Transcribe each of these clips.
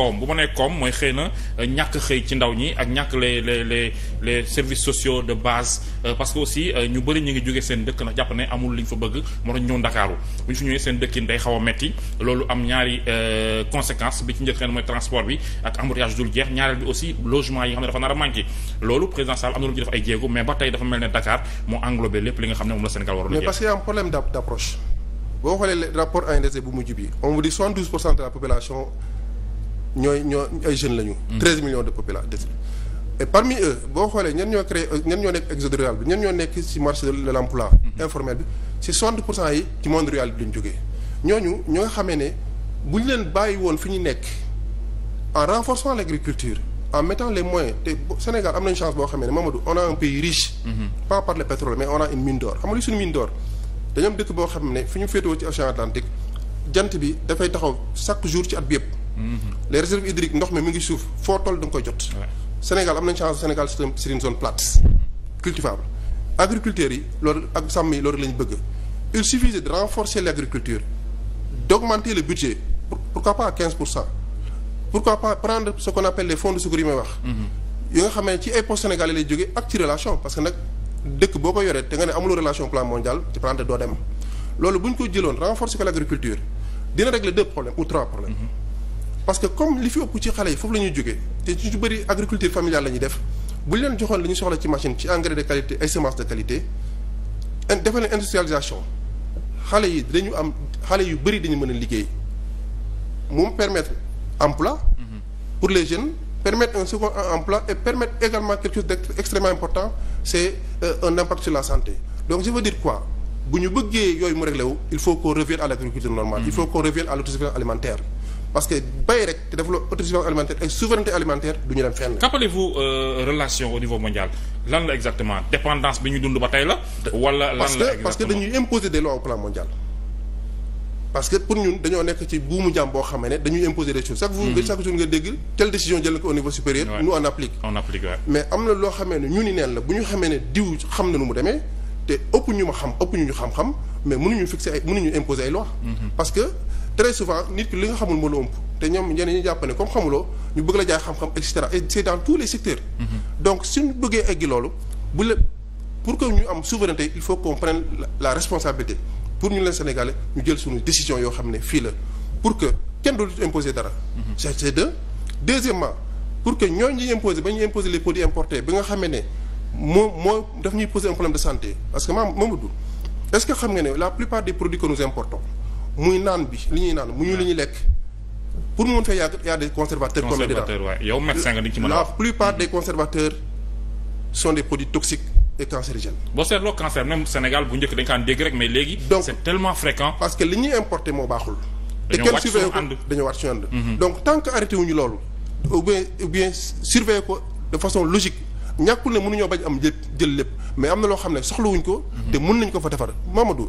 koom bu ma nee koom mooy xëy na euh, ñàkk xëy ci ndaw ñi ak ñàkk les les les les services sociaux de base euh, parce que aussi euh, ñu bari ñu ngi jógee seen dëkk na jàpp ne amul li ñu fa bëgg moo tax ñëw ndakaaru bu ñu fi ñëwee seen dëkkin xaw a metti loolu am ñaari conséquence bi ci mooy transport bi ak embouteillage dul jeex ñaareel bi aussi logement yi nga xam ne dafa nar a loolu président Sall am na lu ci def ay jéego mais ba tey dafa mel ne Dakar moo englobé lépp li nga xam ne moom la Sénégal waroon mais parce qu'il y bi on vous dit 72 pour ñooy ñoo ay jeunes lañu. 13 mm. millions de population par parmi eux boo xoolee ñan ñoo créé ñan ñoo nekk exode rural bi ñan ñoo nekk ci marché de l'emploi mm-hmm. informel bi ci 60 pour cent yi ci monde rural bi lañ jógee ñooñu ñoo nga xamee ne bu ñu leen bàyyi woon fi ñu nekk en renforçant l'agriculture en mettant les moyens te Sénégal am nañu chance boo xamee ne Mamadou on a un pays riche. Mm-hmm. pas par le pétrole mais on a une mine d'or xam nga boo xam ne fi ñu féetewoo ci océan Atlantique jant bi dafay taxaw chaque jour ci at yëpp. les réserves hydriques ndox mi mu ngi suuf foo toll da nga koy jot. Sénégal am na nañ chance Sénégal c'est une zone plate cultivable agriculteurs yi loolu ak sàmm yi loolu la bëgg il suffisait de renforcer l'agriculture d'augmenter le budget pourquoi pas à 15 pour cent pourquoi pas prendre ce qu'on appelle les fonds de secours yi wax. Mm-hmm. yi nga xam ne ci ay postes sénégalais lay jógee ak ci relation parce que nag dëkk boo ko yoree te nga ne amuloo relation plan mondial ci plante ko jëloon renforcer ko l'agriculture dina régler deux problèmes ou parce que comme li fi ëpp ci xale yi foofu la ñuy jógee te ci bëri agriculture familiale la ñuy def bu leen joxoon li ñu soxla ci machine ci engrais de qualité ay semences de qualité defal industrialisation xale yi dañu am xale yu bëri dañu mën a liggéey moom permettre emploi pour les jeunes permettre un second emploi et permettre également quelque chose d'extrêmement important c'est euh, un impact sur la santé donc je veux dire quoi bu ñu bëggee yooyu parce que bay rek te développe autosuffisance alimentaire ay souveraineté alimentaire du ñu dem fenn. Euh, la exactement dépendance bi ñu dund ba tey la. wala lan parce que dañuy imposer des lois au plan mondial. parce que pour ñun dañoo nekk ci buumu jàmm boo xam ne dañuy imposer des choses chaque jour nga mhm. chaque jour nga dégg telle décision jël na ko au niveau supérieur nous on applique mais am na loo xamee ne ñu ni neen la bu ñu xamee ne diw xam na nu mu demee te ëpp ñu ma xam ëpp ñu ñu xam-xam mais mënuñu fixer ay mënuñu imposer ay lois mhm. parce que très souvent nit ki li nga xamul moo la ëmp te ñoom ñeneen ñi jàpp ne comme xamuloo ñu bëgg la jaay xam-xam et cetera et c'est dans tous les secteurs. Mm-hmm. donc suñu bëggee eggi loolu bu la pour que ñu am souveraineté il faut qu'on prenne la responsabilité pour ñu leen Sénégalais ñu jël suñu décision yoo xam ne fii la pour que kenn doolu imposer dara. Mm-hmm. c'est de deuxièmement pour que ñooñu ñuy imposer ba ñu imposer les produits importés bi nga xamee ne moo moo daf ñuy poser un problème de santé parce que xam nga ne la plupart des produits que nous muy naan bi li ñuy naan mu ñu li ñuy lekk pour mu mën fee yàgg y a des conservateurs comme yow médecin nga di ci mën a la plupart mm-hmm. des conservateurs sont des produits toxiques et cancérigènes. boo seetloo cancer même Sénégal bu njëkk dañ kaan dégg rek mais léegi. donc c'est tellement fréquent. parce que li ñuy importer moo baaxul. te kenn surveiller ko dañoo wàcc suñu ànd mm-hmm. donc ko de façon logique ñàkkul ne mënuñoo bañ am jël jël lépp mais am na loo xam ne soxla wuñ ko. te mun mm-hmm. nañ ko fa defar Mamadou.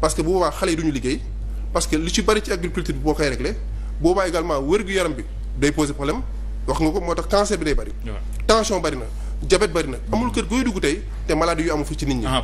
parce que boobaa xale yi du liggéey parce que li ci bari ci agriculture bi boo koy réglé boobaa également wér-gu-yaram bi day poser problème wax nga ko moo tax cancer bi day bari. tension bari na diabète bari na amul kër gooy dugg tey te maladie yu amu fi ci nit ñi. Ah.